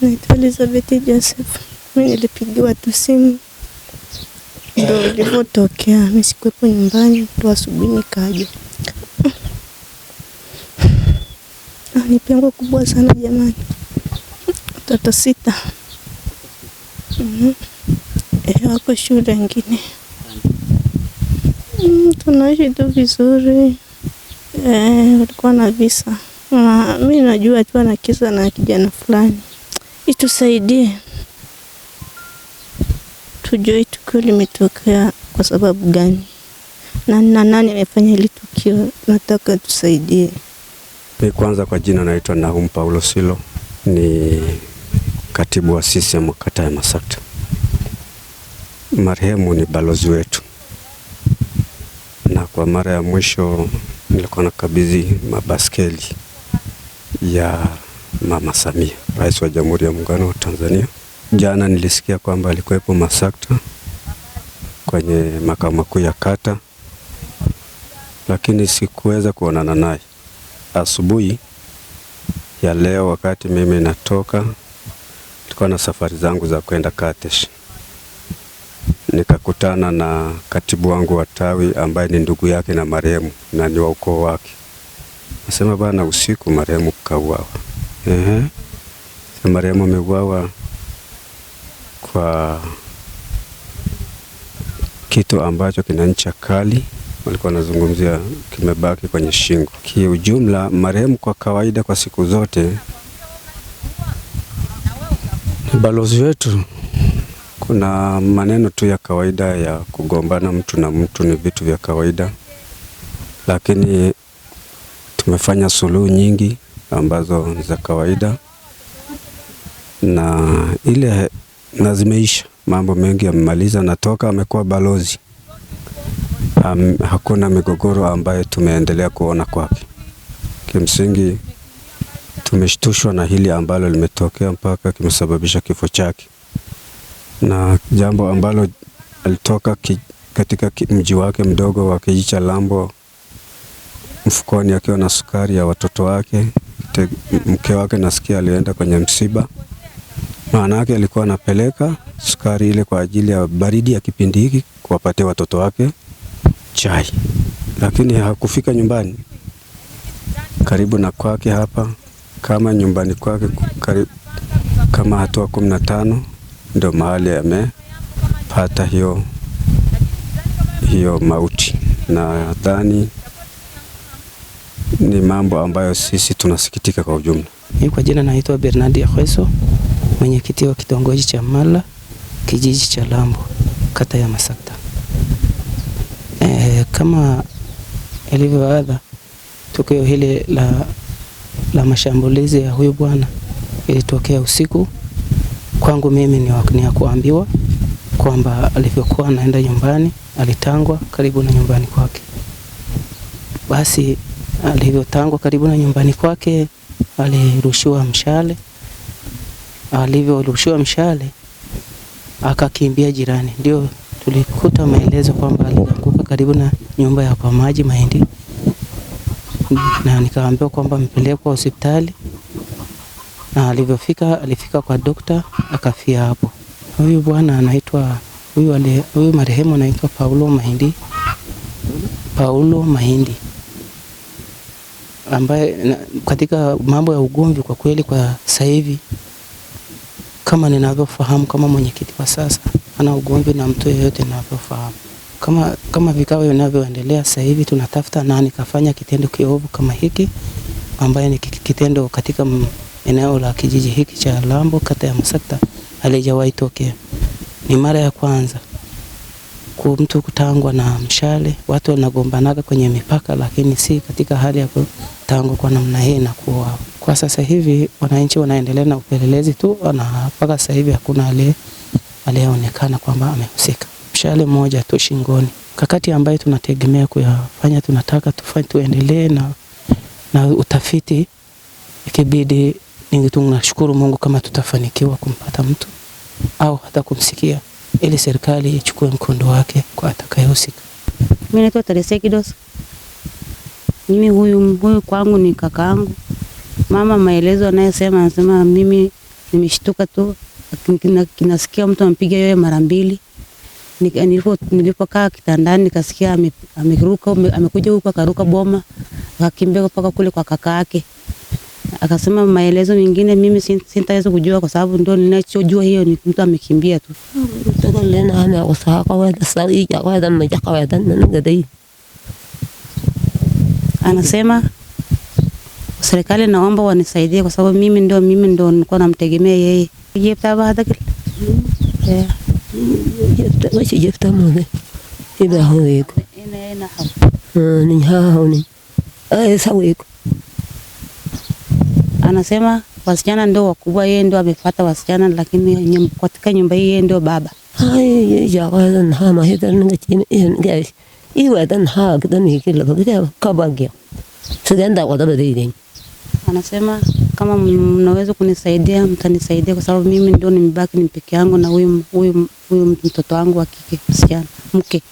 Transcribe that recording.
Naitwa Elizabeth Joseph. Mimi nilipigiwa tu simu ndio ilivyotokea. Mimi sikuwepo nyumbani tu, asubuhi nikaja. Ah, ni pengo kubwa sana jamani, watoto sita mhm. eh, wako shule wengine mm, tunaishi tu vizuri e, walikuwa na visa mi mimi najua tu ana kisa na kijana fulani itusaidie tujue tukio limetokea kwa sababu gani na na nani amefanya hili tukio. Nataka tusaidie. Kwanza, kwa jina naitwa Nahum Paulo Silo, ni katibu wa CCM kata ya Masakta. Marehemu ni balozi wetu, na kwa mara ya mwisho nilikuwa nakabidhi mabaskeli ya Mama Samia, Rais wa Jamhuri ya Muungano wa Tanzania. Jana nilisikia kwamba alikuwepo Masakta kwenye makao makuu ya kata, lakini sikuweza kuonana naye. Asubuhi ya leo wakati mimi natoka, nilikuwa na safari zangu za kwenda Katesh, nikakutana na katibu wangu wa tawi ambaye ni ndugu yake na marehemu na ni wa ukoo wake. Nasema bana, usiku marehemu kauawa Ehe, marehemu ameuawa kwa kitu ambacho kina ncha kali, walikuwa wanazungumzia kimebaki kwenye shingo. Kiujumla, marehemu kwa kawaida, kwa siku zote balozi wetu. Kuna maneno tu ya kawaida ya kugombana mtu na mtu, ni vitu vya kawaida, lakini tumefanya suluhu nyingi ambazo ni za kawaida na ile na zimeisha, mambo mengi yamemaliza na toka amekuwa balozi am, hakuna migogoro ambayo tumeendelea kuona kwake. Kimsingi tumeshtushwa na hili ambalo limetokea mpaka kimesababisha kifo chake, na jambo ambalo alitoka ki, katika mji wake mdogo wa kijiji cha Lambo mfukoni akiwa na sukari ya watoto wake yote, mke wake nasikia alienda kwenye msiba. Maana yake alikuwa anapeleka sukari ile kwa ajili ya baridi ya kipindi hiki kuwapatia watoto wake chai, lakini hakufika nyumbani karibu na kwake hapa, kama nyumbani kwake kama hatua kumi na tano ndio mahali amepata hiyo hiyo mauti, na nadhani ni mambo ambayo sisi tunasikitika kwa ujumla. Mimi kwa jina naitwa Bernardi Akweso, mwenyekiti wa kitongoji cha Mala, kijiji cha Lambo, kata ya Masakta. E, eh, kama ilivyoadha, tukio hili la, la mashambulizi ya huyu bwana ilitokea usiku. Kwangu mimi ni ya kuambiwa kwamba alivyokuwa anaenda nyumbani alitangwa karibu na nyumbani kwake, basi alivyotangwa karibu na nyumbani kwake alirushiwa mshale. Alivyorushiwa mshale akakimbia jirani, ndio tulikuta maelezo kwamba alianguka karibu na nyumba ya kwa maji Mahindi, na nikaambiwa kwamba amepelekwa hospitali, na alivyofika alifika kwa dokta akafia hapo. Huyu bwana anaitwa huyu marehemu anaitwa Paulo Mahindi, Paulo Mahindi ambaye na, katika mambo ya ugomvi kwa kweli, kwa sasa hivi kama ninavyofahamu, kama mwenyekiti kwa sasa ana ugomvi na mtu yeyote ninavyofahamu, kama, kama vikao vinavyoendelea sasa hivi tunatafuta nani kafanya kitendo kiovu kama hiki ambaye ni kitendo katika eneo la kijiji hiki cha Lambo kata ya Musakta halijawahi tokea, ni mara ya kwanza huku mtu kutangwa na mshale, watu wanagombanaga kwenye mipaka, lakini si katika hali ya kutangwa kwa namna hii na kuuawa. Kwa sasa hivi wananchi wanaendelea na upelelezi tu, na mpaka sasa hivi hakuna aliyeonekana kwamba amehusika. Mshale mmoja tu shingoni, kakati ambayo tunategemea kuyafanya, tunataka tufanye, tuendelee na, na utafiti ikibidi. Tunashukuru Mungu kama tutafanikiwa kumpata mtu au hata kumsikia ili serikali ichukue mkondo wake kwa atakayehusika. Mimi naitwa Teresa kidos Mimi huyu, huyu kwangu ni kakaangu. Mama maelezo anayesema anasema mimi nimeshtuka tu, kinasikia mtu ampiga yeye mara mbili. Nilipokaa kitandani nikasikia amekuja huko akaruka boma, akakimbia mpaka kule kwa kaka yake. Akasema maelezo mengine mimi sintaweza kujua, kwa sababu ndo ninachojua, hiyo ni mtu amekimbia tu. Anasema serikali, naomba wanisaidie, kwa sababu mimi ndo mimi ndo nilikuwa namtegemea yeye. jebtabahadagil anasema wasichana ndo wakubwa, yeye ndo amefuata wasichana, lakini katika nyumba hii yeye ndo baba. Anasema kama mnaweza kunisaidia, mtanisaidia kwa sababu mimi ndo nimebaki ni peke yangu na huyu mtoto wangu wa kike msichana mke